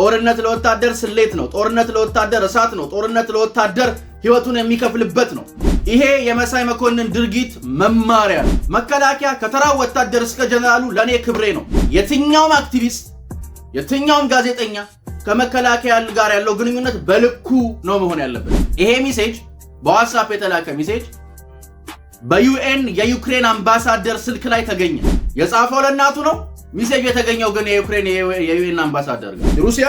ጦርነት ለወታደር ስሌት ነው። ጦርነት ለወታደር እሳት ነው። ጦርነት ለወታደር ህይወቱን የሚከፍልበት ነው። ይሄ የመሳይ መኮንን ድርጊት መማሪያ ነው። መከላከያ ከተራው ወታደር እስከ ጀነራሉ ለእኔ ክብሬ ነው። የትኛውም አክቲቪስት፣ የትኛውም ጋዜጠኛ ከመከላከያ ጋር ያለው ግንኙነት በልኩ ነው መሆን ያለበት። ይሄ ሚሴጅ በዋትሳፕ የተላከ ሚሴጅ በዩኤን የዩክሬን አምባሳደር ስልክ ላይ ተገኘ። የጻፈው ለእናቱ ነው ሚሴጅ የተገኘው ግን የዩክሬን የዩኤን አምባሳደር ነው። ሩሲያ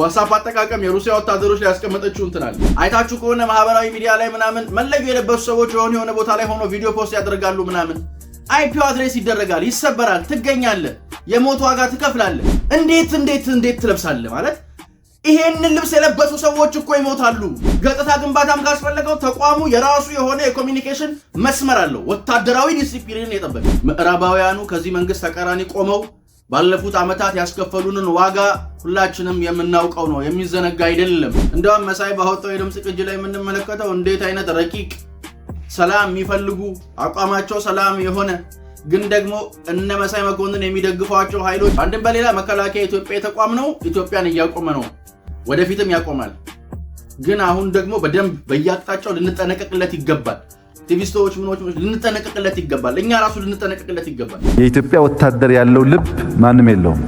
ዋትሳፕ አጠቃቀም የሩሲያ ወታደሮች ላይ ያስቀመጠችው እንትናል አይታችሁ ከሆነ ማህበራዊ ሚዲያ ላይ ምናምን መለዩ የለበሱ ሰዎች የሆነ የሆነ ቦታ ላይ ሆኖ ቪዲዮ ፖስት ያደርጋሉ ምናምን አይፒ አድሬስ ይደረጋል፣ ይሰበራል፣ ትገኛለህ፣ የሞት ዋጋ ትከፍላለህ። እንዴት እንዴት እንዴት ትለብሳለህ ማለት ይሄንን ልብስ የለበሱ ሰዎች እኮ ይሞታሉ። ገጽታ ግንባታም ካስፈለገው ተቋሙ የራሱ የሆነ የኮሚኒኬሽን መስመር አለው፣ ወታደራዊ ዲሲፕሊን የጠበቀ። ምዕራባውያኑ ከዚህ መንግስት ተቃራኒ ቆመው ባለፉት ዓመታት ያስከፈሉንን ዋጋ ሁላችንም የምናውቀው ነው፣ የሚዘነጋ አይደለም። እንደውም መሳይ ባወጣው የድምፅ ቅጅ ላይ የምንመለከተው እንዴት አይነት ረቂቅ ሰላም የሚፈልጉ አቋማቸው ሰላም የሆነ ግን ደግሞ እነ መሳይ መኮንን የሚደግፏቸው ኃይሎች አንድም በሌላ መከላከያ ኢትዮጵያ የተቋም ነው፣ ኢትዮጵያን እያቆመ ነው፣ ወደፊትም ያቆማል። ግን አሁን ደግሞ በደንብ በየአቅጣጫው ልንጠነቀቅለት ይገባል። ቲቪስቶች ምኖች ልንጠነቀቅለት ይገባል። እኛ ራሱ ልንጠነቀቅለት ይገባል። የኢትዮጵያ ወታደር ያለው ልብ ማንም የለውም።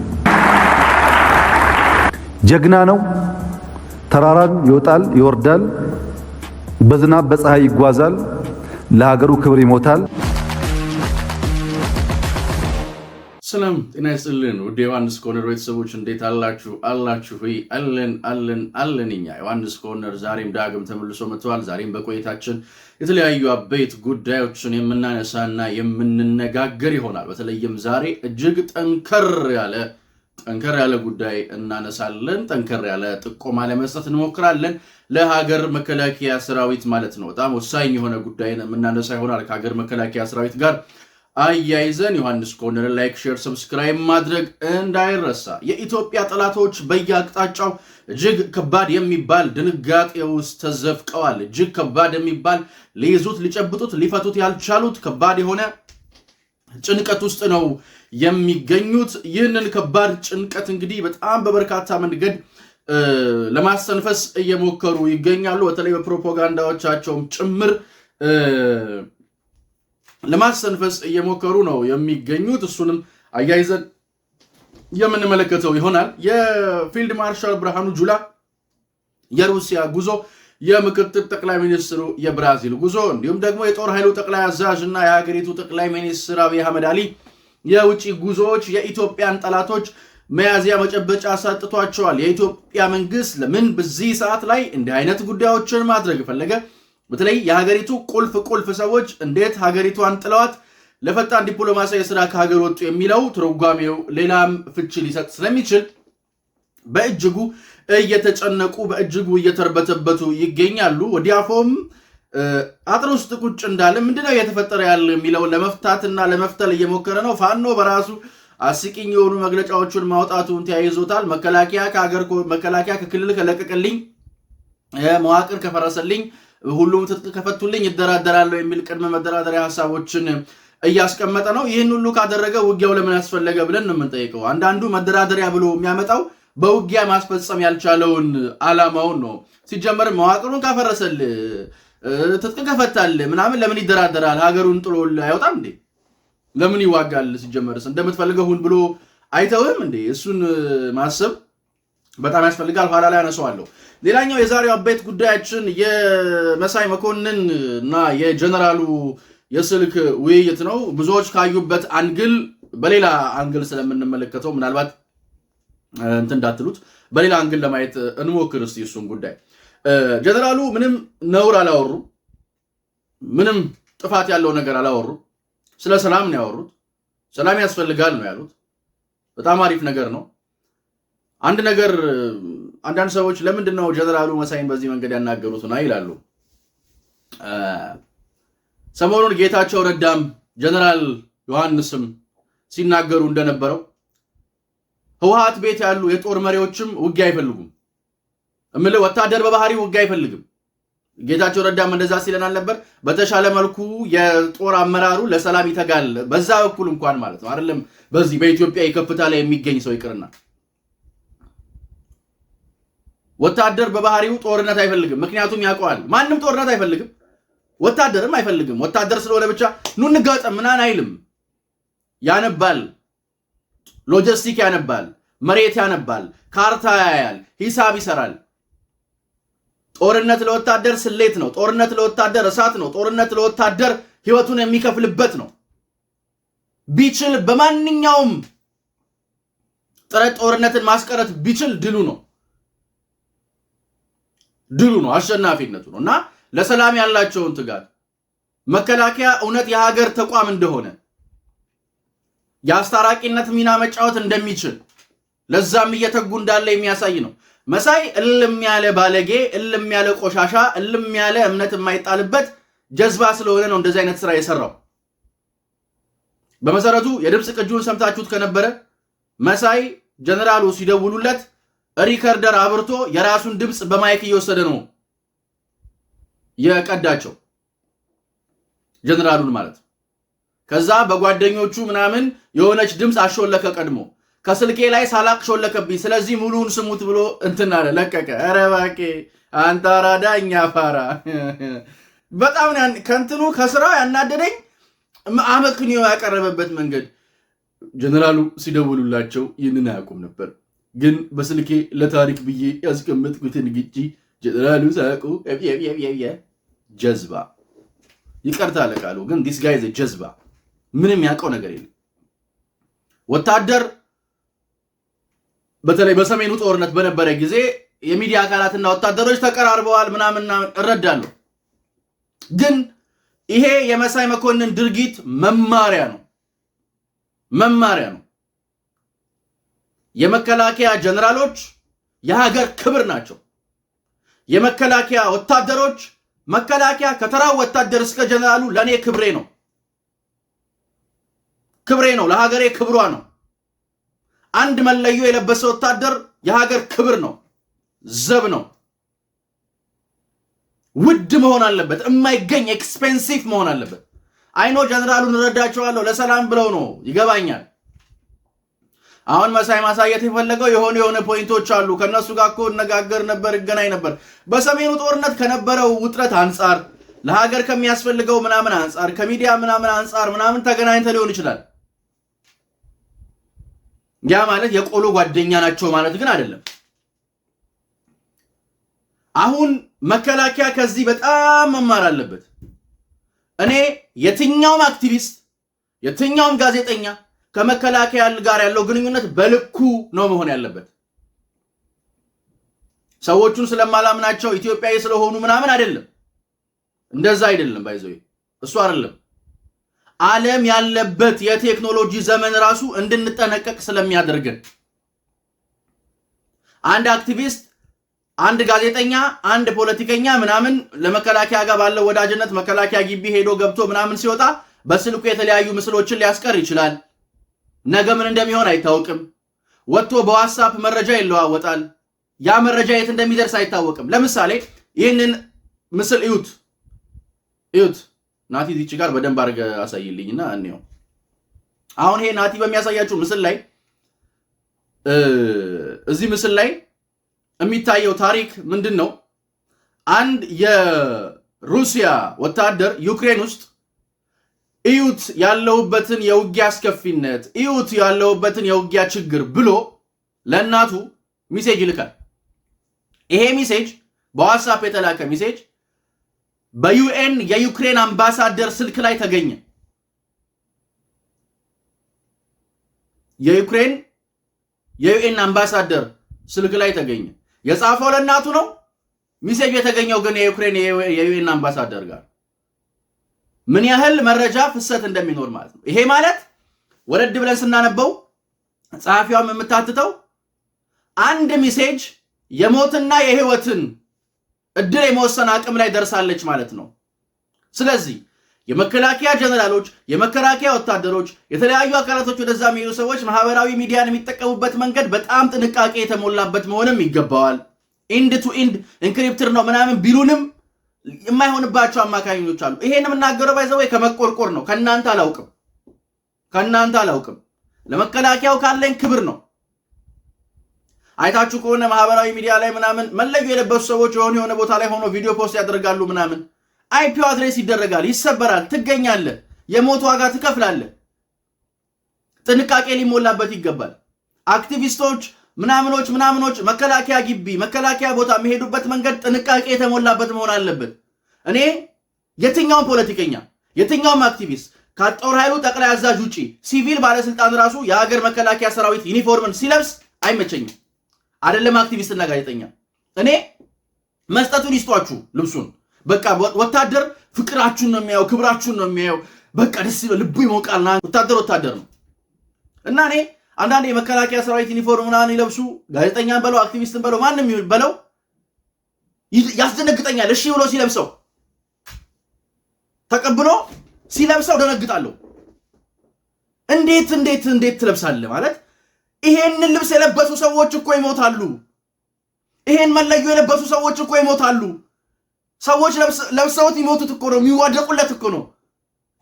ጀግና ነው። ተራራን ይወጣል፣ ይወርዳል፣ በዝናብ በፀሐይ ይጓዛል፣ ለሀገሩ ክብር ይሞታል። ሰላም ጤና ይስጥልን ውድ ዮሐንስ ኮርነር ቤተሰቦች እንዴት አላችሁ? አላችሁ ሆይ አለን አለን አለን። እኛ ዮሐንስ ኮርነር ዛሬም ዳግም ተመልሶ መጥተዋል። ዛሬም በቆይታችን የተለያዩ አበይት ጉዳዮችን የምናነሳና የምንነጋገር ይሆናል። በተለይም ዛሬ እጅግ ጠንከር ያለ ጠንከር ያለ ጉዳይ እናነሳለን። ጠንከር ያለ ጥቆማ ለመስጠት እንሞክራለን። ለሀገር መከላከያ ሰራዊት ማለት ነው። በጣም ወሳኝ የሆነ ጉዳይ የምናነሳ ይሆናል። ከሀገር መከላከያ ሰራዊት ጋር አያይዘን ዮሐንስ ኮርነር ላይክ፣ ሼር፣ ሰብስክራይብ ማድረግ እንዳይረሳ። የኢትዮጵያ ጠላቶች በየአቅጣጫው እጅግ ከባድ የሚባል ድንጋጤ ውስጥ ተዘፍቀዋል። እጅግ ከባድ የሚባል ሊይዙት፣ ሊጨብጡት፣ ሊፈቱት ያልቻሉት ከባድ የሆነ ጭንቀት ውስጥ ነው የሚገኙት። ይህንን ከባድ ጭንቀት እንግዲህ በጣም በበርካታ መንገድ ለማስተንፈስ እየሞከሩ ይገኛሉ። በተለይ በፕሮፓጋንዳዎቻቸውም ጭምር ለማስተንፈስ እየሞከሩ ነው የሚገኙት። እሱንም አያይዘን የምንመለከተው ይሆናል። የፊልድ ማርሻል ብርሃኑ ጁላ የሩሲያ ጉዞ፣ የምክትል ጠቅላይ ሚኒስትሩ የብራዚል ጉዞ እንዲሁም ደግሞ የጦር ኃይሉ ጠቅላይ አዛዥ እና የሀገሪቱ ጠቅላይ ሚኒስትር አብይ አህመድ አሊ የውጭ ጉዞዎች የኢትዮጵያን ጠላቶች መያዝያ መጨበጫ ሰጥቷቸዋል። የኢትዮጵያ መንግስት ለምን በዚህ ሰዓት ላይ እንዲህ አይነት ጉዳዮችን ማድረግ ፈለገ? በተለይ የሀገሪቱ ቁልፍ ቁልፍ ሰዎች እንዴት ሀገሪቷን ጥለዋት ለፈጣን ዲፕሎማሲያዊ ስራ ከሀገር ወጡ የሚለው ትርጓሜው ሌላም ፍቺ ሊሰጥ ስለሚችል በእጅጉ እየተጨነቁ በእጅጉ እየተርበተበቱ ይገኛሉ። ወዲያፎም አጥር ውስጥ ቁጭ እንዳለ ምንድነው እየተፈጠረ ያለ የሚለውን ለመፍታትና ለመፍተል እየሞከረ ነው። ፋኖ በራሱ አስቂኝ የሆኑ መግለጫዎቹን ማውጣቱን ተያይዞታል። መከላከያ ከክልል ከለቀቀልኝ፣ መዋቅር ከፈረሰልኝ ሁሉም ትጥቅ ከፈቱልኝ ይደራደራለሁ የሚል ቅድመ መደራደሪያ ሀሳቦችን እያስቀመጠ ነው። ይህን ሁሉ ካደረገ ውጊያው ለምን ያስፈለገ ብለን ነው የምንጠይቀው። አንዳንዱ መደራደሪያ ብሎ የሚያመጣው በውጊያ ማስፈጸም ያልቻለውን አላማውን ነው። ሲጀመር መዋቅሩን ካፈረሰል ትጥቅ ከፈታል ምናምን ለምን ይደራደራል? ሀገሩን ጥሎ አይወጣም እንዴ? ለምን ይዋጋል? ሲጀመርስ እንደምትፈልገው ሁን ብሎ አይተውም እንዴ? እሱን ማሰብ በጣም ያስፈልጋል። ኋላ ላይ አነሳዋለሁ። ሌላኛው የዛሬው አበይት ጉዳያችን የመሳይ መኮንን እና የጀነራሉ የስልክ ውይይት ነው። ብዙዎች ካዩበት አንግል በሌላ አንግል ስለምንመለከተው ምናልባት እንትን እንዳትሉት በሌላ አንግል ለማየት እንሞክር እስቲ እሱን ጉዳይ። ጀነራሉ ምንም ነውር አላወሩም። ምንም ጥፋት ያለው ነገር አላወሩም። ስለ ሰላም ነው ያወሩት። ሰላም ያስፈልጋል ነው ያሉት። በጣም አሪፍ ነገር ነው። አንድ ነገር አንዳንድ ሰዎች ለምንድን ነው ጀነራሉ መሳይን በዚህ መንገድ ያናገሩትና ይላሉ። ሰሞኑን ጌታቸው ረዳም ጀነራል ዮሐንስም ሲናገሩ እንደነበረው ህወሓት ቤት ያሉ የጦር መሪዎችም ውጊያ አይፈልጉም። እምል ወታደር በባህሪ ውጊያ አይፈልግም። ጌታቸው ረዳም እንደዛ ሲለን አልነበር? በተሻለ መልኩ የጦር አመራሩ ለሰላም ይተጋል። በዛ በኩል እንኳን ማለት ነው አይደለም በዚህ በኢትዮጵያ የከፍታ ላይ የሚገኝ ሰው ይቅርና ወታደር በባህሪው ጦርነት አይፈልግም። ምክንያቱም ያውቀዋል። ማንም ጦርነት አይፈልግም፣ ወታደርም አይፈልግም። ወታደር ስለሆነ ብቻ ኑ እንጋጠም ምናን አይልም። ያነባል፣ ሎጂስቲክ ያነባል፣ መሬት ያነባል፣ ካርታ ያያል፣ ሂሳብ ይሰራል። ጦርነት ለወታደር ስሌት ነው። ጦርነት ለወታደር እሳት ነው። ጦርነት ለወታደር ህይወቱን የሚከፍልበት ነው። ቢችል በማንኛውም ጥረት ጦርነትን ማስቀረት ቢችል ድሉ ነው። ድሉ ነው፣ አሸናፊነቱ ነው እና ለሰላም ያላቸውን ትጋት መከላከያ እውነት የሀገር ተቋም እንደሆነ የአስታራቂነት ሚና መጫወት እንደሚችል ለዛም እየተጉ እንዳለ የሚያሳይ ነው። መሳይ እልም ያለ ባለጌ፣ እልም ያለ ቆሻሻ፣ እልም ያለ እምነት የማይጣልበት ጀዝባ ስለሆነ ነው እንደዚህ አይነት ስራ የሰራው። በመሰረቱ የድምፅ ቅጁን ሰምታችሁት ከነበረ መሳይ ጀነራሉ ሲደውሉለት ሪከርደር አብርቶ የራሱን ድምፅ በማይክ እየወሰደ ነው የቀዳቸው ጀነራሉን ማለት ከዛ በጓደኞቹ ምናምን የሆነች ድምፅ አሾለከ። ቀድሞ ከስልኬ ላይ ሳላቅ ሾለከብኝ፣ ስለዚህ ሙሉውን ስሙት ብሎ እንትን አለ ለቀቀ። ኧረ እባክህ አንተ አራዳ እኛ ፋራ በጣም ከንትኑ ከስራው ያናደደኝ አመክንዮ ያቀረበበት መንገድ። ጀነራሉ ሲደውሉላቸው ይህንን አያውቁም ነበር። ግን በስልኬ ለታሪክ ብዬ ያስቀመጥኩትን ግጭ ጀነራሉ ሳያውቁ ጀዝባ። ይቀርታ ለቃሉ ግን ዲስ ጋይ ዘ ጀዝባ። ምንም ያውቀው ነገር የለም። ወታደር በተለይ በሰሜኑ ጦርነት በነበረ ጊዜ የሚዲያ አካላትና ወታደሮች ተቀራርበዋል ምናምን እረዳለሁ። ግን ይሄ የመሳይ መኮንን ድርጊት መማሪያ ነው፣ መማሪያ ነው። የመከላከያ ጀነራሎች የሀገር ክብር ናቸው። የመከላከያ ወታደሮች መከላከያ ከተራ ወታደር እስከ ጀነራሉ ለእኔ ክብሬ ነው፣ ክብሬ ነው፣ ለሀገሬ ክብሯ ነው። አንድ መለዮ የለበሰ ወታደር የሀገር ክብር ነው፣ ዘብ ነው። ውድ መሆን አለበት፣ የማይገኝ ኤክስፔንሲቭ መሆን አለበት። አይኖ ጀነራሉን እረዳቸዋለሁ፣ ለሰላም ብለው ነው፣ ይገባኛል አሁን መሳይ ማሳየት የፈለገው የሆነ የሆነ ፖይንቶች አሉ። ከእነሱ ጋር እኮ እነጋገር ነበር፣ እገናኝ ነበር። በሰሜኑ ጦርነት ከነበረው ውጥረት አንጻር፣ ለሀገር ከሚያስፈልገው ምናምን አንጻር፣ ከሚዲያ ምናምን አንጻር ምናምን ተገናኝተ ሊሆን ይችላል። ያ ማለት የቆሎ ጓደኛ ናቸው ማለት ግን አይደለም። አሁን መከላከያ ከዚህ በጣም መማር አለበት። እኔ የትኛውም አክቲቪስት የትኛውም ጋዜጠኛ ከመከላከያ ጋር ያለው ግንኙነት በልኩ ነው መሆን ያለበት። ሰዎቹን ስለማላምናቸው ኢትዮጵያዊ ስለሆኑ ምናምን አይደለም። እንደዛ አይደለም። ባይዘ እሱ አይደለም። ዓለም ያለበት የቴክኖሎጂ ዘመን ራሱ እንድንጠነቀቅ ስለሚያደርገን አንድ አክቲቪስት፣ አንድ ጋዜጠኛ፣ አንድ ፖለቲከኛ ምናምን ለመከላከያ ጋር ባለው ወዳጅነት መከላከያ ግቢ ሄዶ ገብቶ ምናምን ሲወጣ በስልኩ የተለያዩ ምስሎችን ሊያስቀር ይችላል። ነገ ምን እንደሚሆን አይታወቅም። ወጥቶ በዋትሳፕ መረጃ ይለዋወጣል። ያ መረጃ የት እንደሚደርስ አይታወቅም። ለምሳሌ ይህንን ምስል እዩት፣ እዩት። ናቲ ዚች ጋር በደንብ አድርገ አሳይልኝና እኔው አሁን ይሄ ናቲ በሚያሳያችሁ ምስል ላይ እዚህ ምስል ላይ የሚታየው ታሪክ ምንድን ነው? አንድ የሩሲያ ወታደር ዩክሬን ውስጥ እዩት ያለውበትን የውጊያ አስከፊነት፣ እዩት ያለውበትን የውጊያ ችግር ብሎ ለእናቱ ሚሴጅ ይልካል። ይሄ ሚሴጅ በዋትሳፕ የተላከ ሚሴጅ በዩኤን የዩክሬን አምባሳደር ስልክ ላይ ተገኘ። የዩክሬን የዩኤን አምባሳደር ስልክ ላይ ተገኘ። የጻፈው ለእናቱ ነው። ሚሴጅ የተገኘው ግን የዩክሬን የዩኤን አምባሳደር ጋር ምን ያህል መረጃ ፍሰት እንደሚኖር ማለት ነው። ይሄ ማለት ወረድ ብለን ስናነበው ጸሐፊዋም የምታትተው አንድ ሚሴጅ የሞትና የህይወትን እድል የመወሰን አቅም ላይ ደርሳለች ማለት ነው። ስለዚህ የመከላከያ ጀነራሎች፣ የመከላከያ ወታደሮች፣ የተለያዩ አካላቶች ወደዛ የሚሄዱ ሰዎች ማህበራዊ ሚዲያን የሚጠቀሙበት መንገድ በጣም ጥንቃቄ የተሞላበት መሆንም ይገባዋል። ኢንድ ቱ ኢንድ ኢንክሪፕትር ነው ምናምን ቢሉንም የማይሆንባቸው አማካኞች አሉ። ይሄን የምናገረው ባይዘው ከመቆርቆር ነው። ከእናንተ አላውቅም፣ ከእናንተ አላውቅም። ለመከላከያው ካለኝ ክብር ነው። አይታችሁ ከሆነ ማህበራዊ ሚዲያ ላይ ምናምን መለዩ የለበሱ ሰዎች የሆነ የሆነ ቦታ ላይ ሆኖ ቪዲዮ ፖስት ያደርጋሉ ምናምን። አይፒው አድሬስ ይደረጋል፣ ይሰበራል፣ ትገኛለህ፣ የሞት ዋጋ ትከፍላለህ። ጥንቃቄ ሊሞላበት ይገባል። አክቲቪስቶች ምናምኖች ምናምኖች መከላከያ ግቢ መከላከያ ቦታ የሚሄዱበት መንገድ ጥንቃቄ የተሞላበት መሆን አለበት። እኔ የትኛውም ፖለቲከኛ የትኛውም አክቲቪስት ከጦር ኃይሉ ጠቅላይ አዛዥ ውጪ ሲቪል ባለስልጣን ራሱ የሀገር መከላከያ ሰራዊት ዩኒፎርምን ሲለብስ አይመቸኝም። አይደለም አክቲቪስትና ጋዜጠኛ። እኔ መስጠቱን ይስጧችሁ ልብሱን። በቃ ወታደር ፍቅራችሁን ነው የሚያየው፣ ክብራችሁን ነው የሚያየው። በቃ ደስ ልቡ ይሞቃልና ወታደር ወታደር ነው እና እኔ አንዳንድ የመከላከያ ሰራዊት ዩኒፎርም ምናምን ይለብሱ ጋዜጠኛን በለው አክቲቪስትን በለው ማንም በለው ያስደነግጠኛል። እሺ ብሎ ሲለብሰው ተቀብሎ ሲለብሰው ደነግጣለሁ። እንዴት እንዴት እንዴት ትለብሳለህ ማለት ይሄንን ልብስ የለበሱ ሰዎች እኮ ይሞታሉ። ይሄን መለዩ የለበሱ ሰዎች እኮ ይሞታሉ። ሰዎች ለብሰውት ይሞቱት እኮ ነው፣ የሚዋደቁለት እኮ ነው።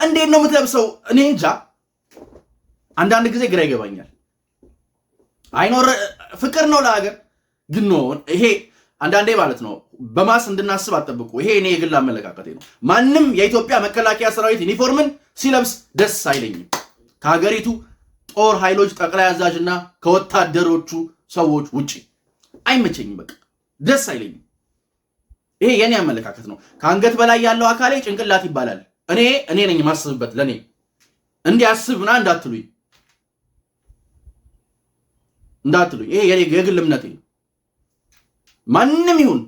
እንዴት ነው የምትለብሰው? እኔ እንጃ። አንዳንድ ጊዜ ግራ ይገባኛል። አይኖር ፍቅር ነው ለሀገር ግን ኖ ይሄ አንዳንዴ ማለት ነው በማስ እንድናስብ አጠብቁ። ይሄ እኔ የግል አመለካከቴ ነው። ማንም የኢትዮጵያ መከላከያ ሰራዊት ዩኒፎርምን ሲለብስ ደስ አይለኝም። ከሀገሪቱ ጦር ኃይሎች ጠቅላይ አዛዥና ከወታደሮቹ ሰዎች ውጭ አይመቸኝም። በቃ ደስ አይለኝም። ይሄ የኔ አመለካከት ነው። ከአንገት በላይ ያለው አካሌ ጭንቅላት ይባላል። እኔ እኔ ነኝ ማስብበት። ለእኔ እንዲያስብና እንዳትሉኝ እንዳትሉ። ይሄ የግል እምነት ነው። ማንም ይሁን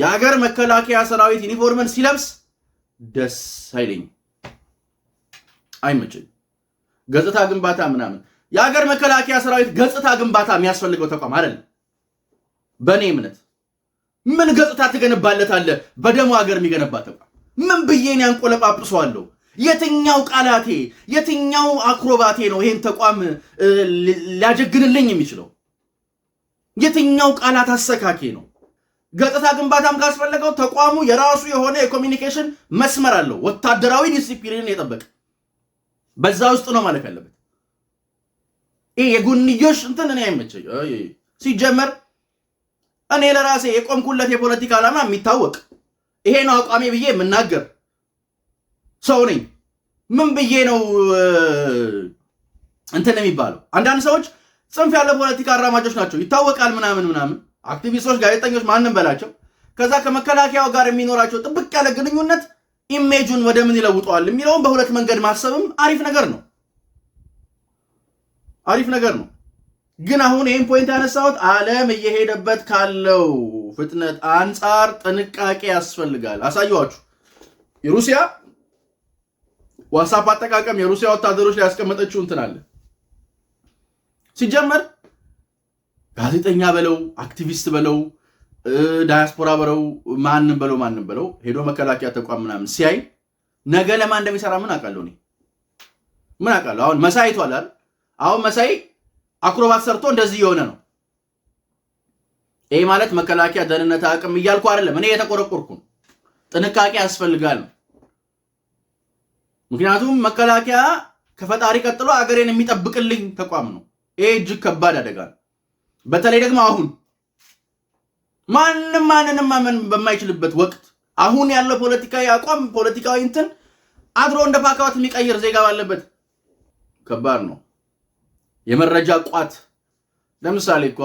የሀገር መከላከያ ሰራዊት ዩኒፎርምን ሲለብስ ደስ አይለኝም፣ አይመቸኝም። ገጽታ ግንባታ ምናምን የሀገር መከላከያ ሰራዊት ገጽታ ግንባታ የሚያስፈልገው ተቋም አይደለም። በእኔ እምነት ምን ገጽታ ትገነባለታለህ? በደሞ ሀገር የሚገነባ ተቋም ምን ብዬን ያንቆለጳጵሰዋለሁ? የትኛው ቃላቴ የትኛው አክሮባቴ ነው ይሄን ተቋም ሊያጀግንልኝ የሚችለው? የትኛው ቃላት አሰካኬ ነው? ገጽታ ግንባታም ካስፈለገው ተቋሙ የራሱ የሆነ የኮሚኒኬሽን መስመር አለው፣ ወታደራዊ ዲሲፕሊን የጠበቀ በዛ ውስጥ ነው ማለፍ ያለበት። ይህ የጎንዮሽ እንትን እኔ አይመቸኝ። ሲጀመር እኔ ለራሴ የቆምኩለት የፖለቲካ ዓላማ የሚታወቅ ይሄ ነው አቋሜ ብዬ የምናገር ሰው ነኝ። ምን ብዬ ነው እንትን የሚባለው? አንዳንድ ሰዎች ጽንፍ ያለ ፖለቲካ አራማጆች ናቸው ይታወቃል፣ ምናምን ምናምን፣ አክቲቪስቶች፣ ጋዜጠኞች፣ ማንም በላቸው። ከዛ ከመከላከያው ጋር የሚኖራቸው ጥብቅ ያለ ግንኙነት ኢሜጁን ወደ ምን ይለውጠዋል የሚለውን በሁለት መንገድ ማሰብም አሪፍ ነገር ነው፣ አሪፍ ነገር ነው። ግን አሁን ይህም ፖይንት ያነሳሁት ዓለም እየሄደበት ካለው ፍጥነት አንጻር ጥንቃቄ ያስፈልጋል። አሳየኋችሁ የሩሲያ ዋትሳፕ አጠቃቀም የሩሲያ ወታደሮች ላይ ያስቀመጠችው እንትን አለ። ሲጀመር ጋዜጠኛ በለው አክቲቪስት በለው ዳያስፖራ በለው ማንም በለው ማንም በለው ሄዶ መከላከያ ተቋም ምናምን ሲያይ ነገ ለማ እንደሚሰራ ምን አውቃለሁ እኔ ምን አውቃለሁ። አሁን መሳይ ይቷላል። አሁን መሳይ አክሮባት ሰርቶ እንደዚህ የሆነ ነው። ይህ ማለት መከላከያ ደህንነት አቅም እያልኩ አይደለም። እኔ የተቆረቆርኩ ጥንቃቄ ያስፈልጋል ነው ምክንያቱም መከላከያ ከፈጣሪ ቀጥሎ አገሬን የሚጠብቅልኝ ተቋም ነው። ይሄ እጅግ ከባድ አደጋ ነው። በተለይ ደግሞ አሁን ማንም ማንንም ማመን በማይችልበት ወቅት አሁን ያለው ፖለቲካዊ አቋም ፖለቲካዊ እንትን አድሮ እንደ ፓካዋት የሚቀይር ዜጋ ባለበት ከባድ ነው። የመረጃ ቋት ለምሳሌ እኮ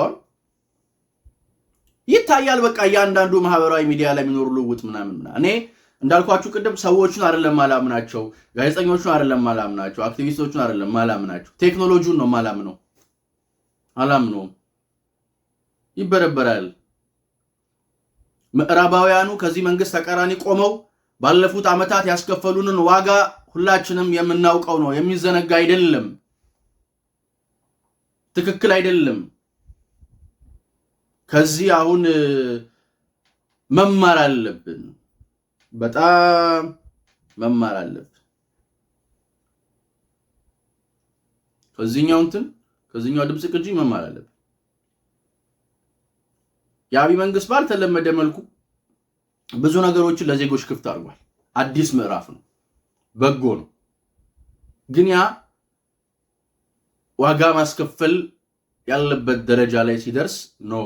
ይታያል። በቃ እያንዳንዱ ማህበራዊ ሚዲያ ላይ የሚኖሩ ልውውጥ ምናምን ምናምን እኔ እንዳልኳችሁ ቅድም ሰዎቹን አይደለም ማላምናቸው፣ ጋዜጠኞቹን አይደለም ማላምናቸው፣ አክቲቪስቶቹን አይደለም ማላምናቸው፣ ቴክኖሎጂውን ነው ማላምነው። አላምነውም። ይበረበራል። ምዕራባውያኑ ከዚህ መንግስት ተቃራኒ ቆመው ባለፉት ዓመታት ያስከፈሉንን ዋጋ ሁላችንም የምናውቀው ነው። የሚዘነጋ አይደለም። ትክክል አይደለም። ከዚህ አሁን መማር አለብን። በጣም መማር አለብን። ከዚህኛው እንትን ከዚህኛው ድምፅ ቅጂ መማር አለብን። የአብይ መንግስት ባልተለመደ መልኩ ብዙ ነገሮችን ለዜጎች ክፍት አድርጓል። አዲስ ምዕራፍ ነው፣ በጎ ነው። ግን ያ ዋጋ ማስከፈል ያለበት ደረጃ ላይ ሲደርስ ኖ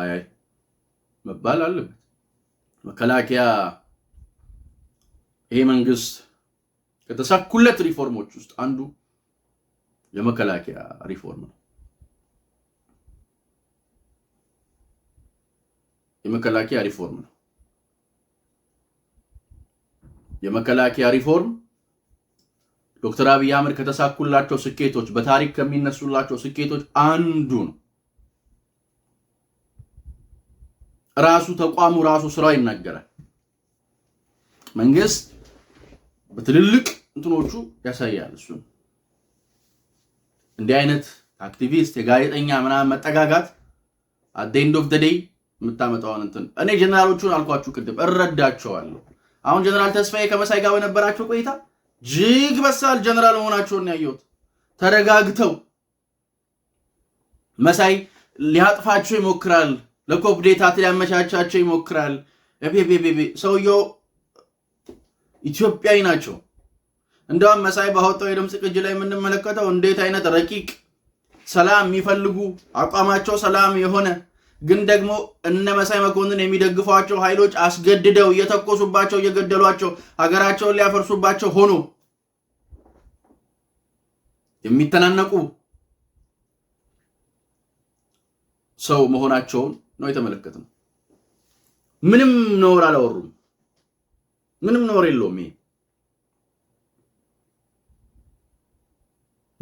አይ አይ መባል አለበት። መከላከያ ይሄ መንግስት ከተሳኩለት ሪፎርሞች ውስጥ አንዱ የመከላከያ ሪፎርም ነው። የመከላከያ ሪፎርም ነው። የመከላከያ ሪፎርም ዶክተር አብይ አህመድ ከተሳኩላቸው ስኬቶች፣ በታሪክ ከሚነሱላቸው ስኬቶች አንዱ ነው። ራሱ ተቋሙ ራሱ ስራው ይናገራል። መንግስት በትልልቅ እንትኖቹ ያሳያል። እሱ እንዲህ አይነት አክቲቪስት የጋዜጠኛ ምናምን መጠጋጋት አት ኤንድ ኦፍ ደይ የምታመጣውን እንትን እኔ ጀነራሎቹን አልኳችሁ ቅድም እረዳቸዋለሁ። አሁን ጀነራል ተስፋዬ ከመሳይ ጋር በነበራቸው ቆይታ እጅግ በሳል ጀነራል መሆናቸውን ያየሁት ተረጋግተው መሳይ ሊያጥፋቸው ይሞክራል ለኮፕዴታት ሊያመቻቻቸው ይሞክራል። ሰውየው ኢትዮጵያዊ ናቸው። እንደውም መሳይ ባወጣው የድምፅ ቅጅ ላይ የምንመለከተው እንዴት አይነት ረቂቅ ሰላም የሚፈልጉ አቋማቸው ሰላም የሆነ ግን ደግሞ እነ መሳይ መኮንን የሚደግፏቸው ኃይሎች አስገድደው እየተኮሱባቸው እየገደሏቸው ሀገራቸውን ሊያፈርሱባቸው ሆኖ የሚተናነቁ ሰው መሆናቸውን ነው የተመለከትነው። ምንም ነውር አላወሩም። ምንም ነውር የለውም። ይሄ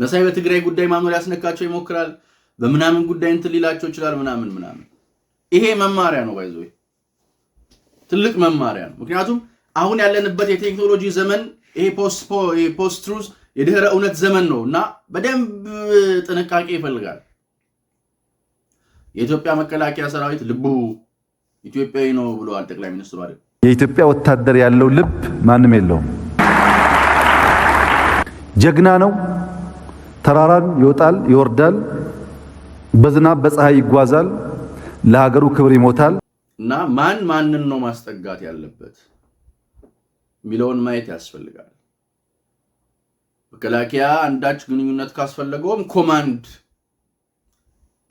መሳይ በትግራይ ጉዳይ ማኖር ያስነካቸው ይሞክራል። በምናምን ጉዳይ እንትን ሊላቸው ይችላል። ምናምን ምናምን ይሄ መማሪያ ነው ባይዞ ትልቅ መማሪያ ነው። ምክንያቱም አሁን ያለንበት የቴክኖሎጂ ዘመን ይሄ ፖስት ትሩዝ የድህረ እውነት ዘመን ነው እና በደንብ ጥንቃቄ ይፈልጋል። የኢትዮጵያ መከላከያ ሰራዊት ልቡ ኢትዮጵያዊ ነው ብለዋል ጠቅላይ ሚኒስትሩ አይደል? የኢትዮጵያ ወታደር ያለው ልብ ማንም የለውም። ጀግና ነው። ተራራን ይወጣል፣ ይወርዳል፣ በዝናብ በፀሐይ ይጓዛል፣ ለሀገሩ ክብር ይሞታል። እና ማን ማንን ነው ማስጠጋት ያለበት የሚለውን ማየት ያስፈልጋል። መከላከያ አንዳች ግንኙነት ካስፈለገውም ኮማንድ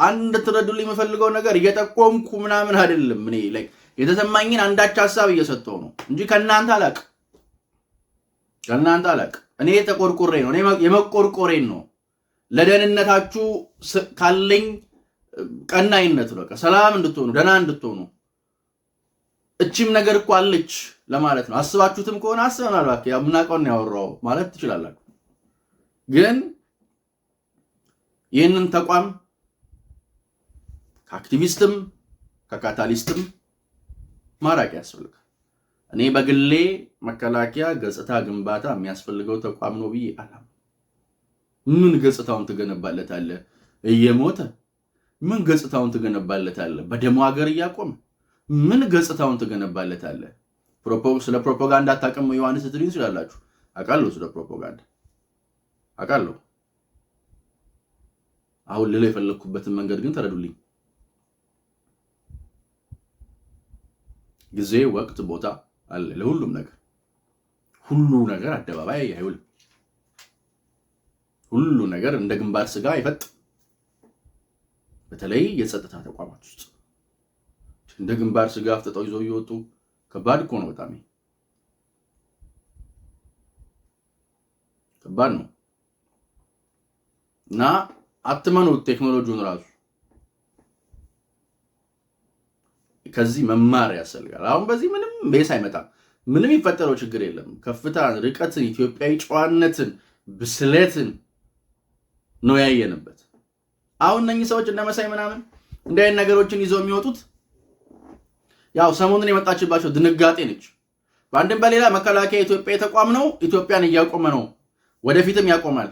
አንድ ትረዱል የምፈልገው ነገር እየጠቆምኩ ምናምን አይደለም። እኔ ላይ የተሰማኝን አንዳች ሀሳብ እየሰጠው ነው እንጂ ከእናንተ አላቅ ከእናንተ አላቅ። እኔ ተቆርቆሬ ነው የመቆርቆሬን ነው ለደህንነታችሁ ካለኝ ቀናይነት በቃ ሰላም እንድትሆኑ ደህና እንድትሆኑ እችም ነገር እኮ አለች ለማለት ነው። አስባችሁትም ከሆነ አስበናል እባክህ፣ ያው የምናውቀውን ያወራው ማለት ትችላላችሁ። ግን ይህንን ተቋም ከአክቲቪስትም ከካታሊስትም ማራቅ ያስፈልጋል። እኔ በግሌ መከላከያ ገጽታ ግንባታ የሚያስፈልገው ተቋም ነው ብዬ አላም። ምን ገጽታውን ትገነባለታለ? እየሞተ ምን ገጽታውን ትገነባለታለ? በደሞ ሀገር እያቆመ ምን ገጽታውን ትገነባለታለ? ስለ ፕሮፓጋንዳ አታውቅም ዮሐንስ ትሉኝ ትችላላችሁ። አውቃለሁ፣ ስለ ፕሮፓጋንዳ አውቃለሁ። አሁን ልለው የፈለግኩበትን መንገድ ግን ተረዱልኝ። ጊዜ፣ ወቅት፣ ቦታ አለ ለሁሉም ነገር። ሁሉ ነገር አደባባይ አይውልም። ሁሉ ነገር እንደ ግንባር ስጋ አይፈጥም። በተለይ የጸጥታ ተቋማት ውስጥ እንደ ግንባር ስጋ አፍጥጠው ይዘው እየወጡ ከባድ እኮ ነው። በጣም ከባድ ነው እና አትመኑት ቴክኖሎጂውን ራሱ ከዚህ መማር ያስፈልጋል። አሁን በዚህ ምንም ቤስ አይመጣም። ምንም የሚፈጠረው ችግር የለም። ከፍታን፣ ርቀትን፣ ኢትዮጵያዊ ጨዋነትን፣ ብስለትን ነው ያየንበት። አሁን እነኚህ ሰዎች እንደመሳይ መሳይ ምናምን እንዲህ አይነት ነገሮችን ይዘው የሚወጡት ያው ሰሞኑን የመጣችባቸው ድንጋጤ ነች። በአንድም በሌላ መከላከያ ኢትዮጵያ ተቋም ነው። ኢትዮጵያን እያቆመ ነው፣ ወደፊትም ያቆማል።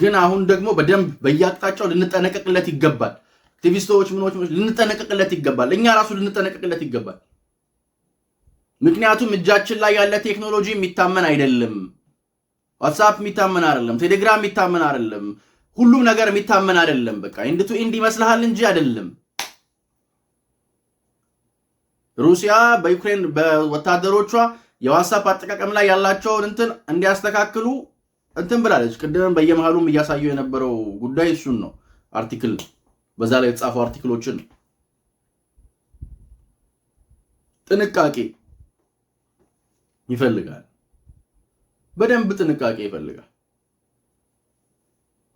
ግን አሁን ደግሞ በደንብ በየአቅጣጫው ልንጠነቀቅለት ይገባል። አክቲቪስቶች ምኖች ልንጠነቀቅለት ይገባል። እኛ ራሱ ልንጠነቀቅለት ይገባል። ምክንያቱም እጃችን ላይ ያለ ቴክኖሎጂ የሚታመን አይደለም። ዋትሳፕ የሚታመን አይደለም። ቴሌግራም የሚታመን አይደለም። ሁሉም ነገር የሚታመን አይደለም። በቃ ኢንድ ቱ ኢንድ ይመስልሃል እንጂ አይደለም። ሩሲያ በዩክሬን በወታደሮቿ የዋትሳፕ አጠቃቀም ላይ ያላቸውን እንትን እንዲያስተካክሉ እንትን ብላለች። ቅድም በየመሃሉም እያሳየው የነበረው ጉዳይ እሱን ነው አርቲክል በዛ ላይ የተጻፉ አርቲክሎችን ነው። ጥንቃቄ ይፈልጋል። በደንብ ጥንቃቄ ይፈልጋል።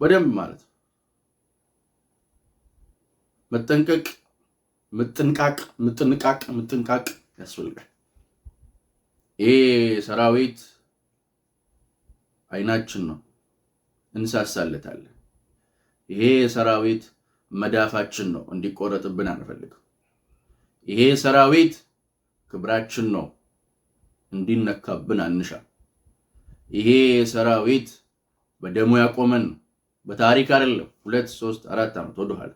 በደንብ ማለት መጠንቀቅ፣ ምጥንቃቅ፣ ምጥንቃቅ፣ ምጥንቃቅ ያስፈልጋል። ይሄ ሰራዊት አይናችን ነው፣ እንሳሳለታለን። ይሄ ሰራዊት መዳፋችን ነው፣ እንዲቆረጥብን አንፈልግም። ይሄ ሰራዊት ክብራችን ነው፣ እንዲነካብን አንሻ። ይሄ ሰራዊት በደሙ ያቆመን በታሪክ አይደለም። ሁለት ሶስት አራት ዓመት ወደኋላ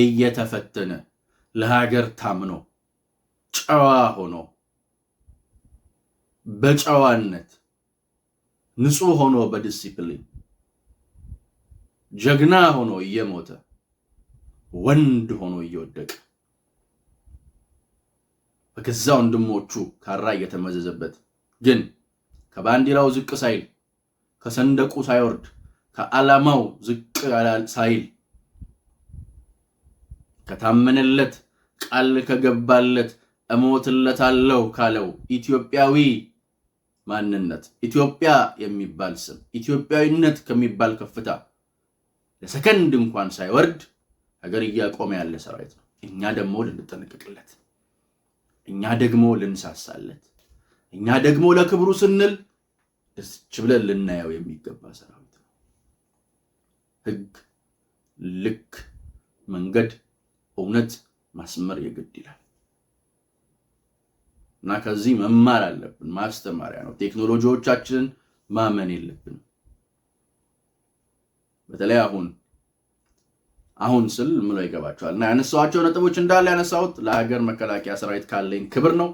እየተፈተነ ለሀገር ታምኖ ጨዋ ሆኖ በጨዋነት ንጹህ ሆኖ በዲሲፕሊን ጀግና ሆኖ እየሞተ ወንድ ሆኖ እየወደቀ በገዛ ወንድሞቹ ካራ እየተመዘዘበት ግን ከባንዲራው ዝቅ ሳይል ከሰንደቁ ሳይወርድ ከዓላማው ዝቅ ሳይል ከታመነለት ቃል ከገባለት እሞትለታለሁ ካለው ኢትዮጵያዊ ማንነት ኢትዮጵያ የሚባል ስም ኢትዮጵያዊነት ከሚባል ከፍታ ለሰከንድ እንኳን ሳይወርድ ሀገር እያቆመ ያለ ሰራዊት ነው። እኛ ደግሞ ልንጠነቀቅለት፣ እኛ ደግሞ ልንሳሳለት፣ እኛ ደግሞ ለክብሩ ስንል ደስች ብለን ልናየው የሚገባ ሰራዊት ነው። ህግ፣ ልክ፣ መንገድ፣ እውነት ማስመር የግድ ይላል እና ከዚህ መማር አለብን። ማስተማሪያ ነው። ቴክኖሎጂዎቻችንን ማመን የለብንም። በተለይ አሁን አሁን ስል ምለው ይገባቸዋል እና ያነሳኋቸው ነጥቦች እንዳለ ያነሳሁት ለሀገር መከላከያ ሰራዊት ካለኝ ክብር ነው።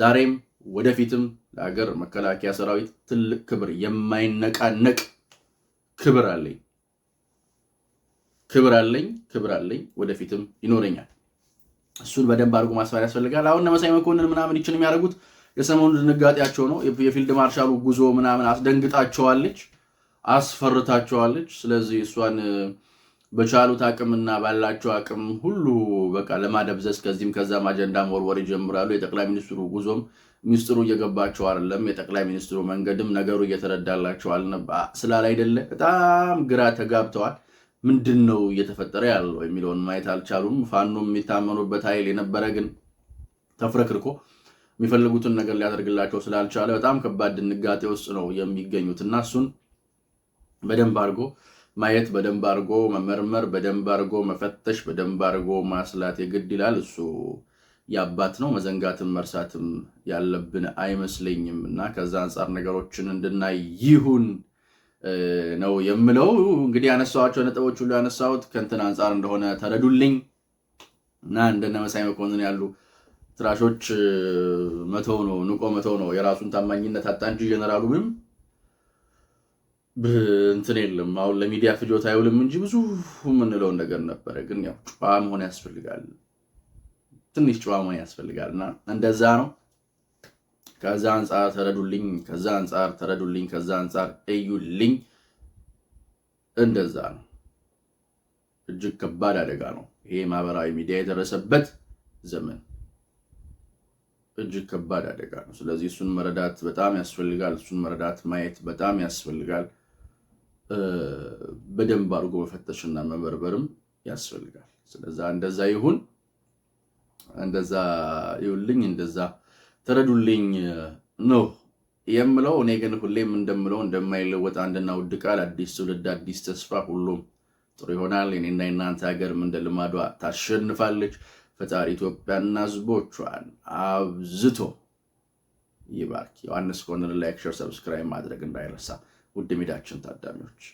ዛሬም ወደፊትም ለሀገር መከላከያ ሰራዊት ትልቅ ክብር፣ የማይነቃነቅ ክብር አለኝ ክብር አለኝ ክብር አለኝ፣ ወደፊትም ይኖረኛል። እሱን በደንብ አድርጎ ማስፈር ያስፈልጋል። አሁን መሳይ መኮንን ምናምን ይችን የሚያደርጉት የሰሞኑ ድንጋጤያቸው ነው። የፊልድ ማርሻሉ ጉዞ ምናምን አስደንግጣቸዋለች። አስፈርታቸዋለች። ስለዚህ እሷን በቻሉት አቅምና ባላቸው አቅም ሁሉ በቃ ለማደብዘዝ ከዚህም ከዛም አጀንዳ መወርወር ይጀምራሉ። የጠቅላይ ሚኒስትሩ ጉዞም ሚኒስትሩ እየገባቸው አይደለም። የጠቅላይ ሚኒስትሩ መንገድም ነገሩ እየተረዳላቸው አይደለ በጣም ግራ ተጋብተዋል። ምንድን ነው እየተፈጠረ ያለው የሚለውን ማየት አልቻሉም። ፋኖ የሚታመኑበት ኃይል የነበረ ግን ተፍረክርኮ የሚፈልጉትን ነገር ሊያደርግላቸው ስላልቻለ በጣም ከባድ ድንጋጤ ውስጥ ነው የሚገኙት እና እሱን በደንብ አድርጎ ማየት፣ በደንብ አድርጎ መመርመር፣ በደንብ አድርጎ መፈተሽ፣ በደንብ አድርጎ ማስላት የግድ ይላል። እሱ የአባት ነው። መዘንጋትም መርሳትም ያለብን አይመስለኝም እና ከዛ አንጻር ነገሮችን እንድናይ ይሁን ነው የምለው። እንግዲህ ያነሳኋቸው ነጥቦች ሁሉ ያነሳሁት ከእንትን አንጻር እንደሆነ ተረዱልኝ እና እንደነ መሳይ መኮንን ያሉ ትራሾች መተው ነው ንቆ መተው ነው። የራሱን ታማኝነት አጣ እንጂ ጀነራሉ ምንም እንትን የለም አሁን ለሚዲያ ፍጆታ አይውልም እንጂ ብዙ የምንለው ነገር ነበረ። ግን ያው ጨዋ መሆን ያስፈልጋል፣ ትንሽ ጨዋ መሆን ያስፈልጋል እና እንደዛ ነው። ከዛ አንጻር ተረዱልኝ፣ ከዛ አንጻር ተረዱልኝ፣ ከዛ አንጻር እዩልኝ። እንደዛ ነው። እጅግ ከባድ አደጋ ነው ይሄ ማህበራዊ ሚዲያ የደረሰበት ዘመን እጅግ ከባድ አደጋ ነው። ስለዚህ እሱን መረዳት በጣም ያስፈልጋል። እሱን መረዳት ማየት በጣም ያስፈልጋል። በደንብ አድርጎ መፈተሽና መበርበርም ያስፈልጋል። ስለዛ እንደዛ ይሁን እንደዛ ይሁልኝ እንደዛ ተረዱልኝ ነው የምለው። እኔ ግን ሁሌም እንደምለው እንደማይለወጥ አንድና ውድ ቃል አዲስ ትውልድ አዲስ ተስፋ፣ ሁሉም ጥሩ ይሆናል። እኔና የናንተ ሀገርም እንደ ልማዷ ታሸንፋለች። ፈጣሪ ኢትዮጵያና ሕዝቦቿን አብዝቶ ይባርክ። ዮሐንስ ኮርነር ላይክ፣ ሸር፣ ሰብስክራይብ ማድረግ እንዳይረሳ። ውድ ሜዳችን ታዳሚዎች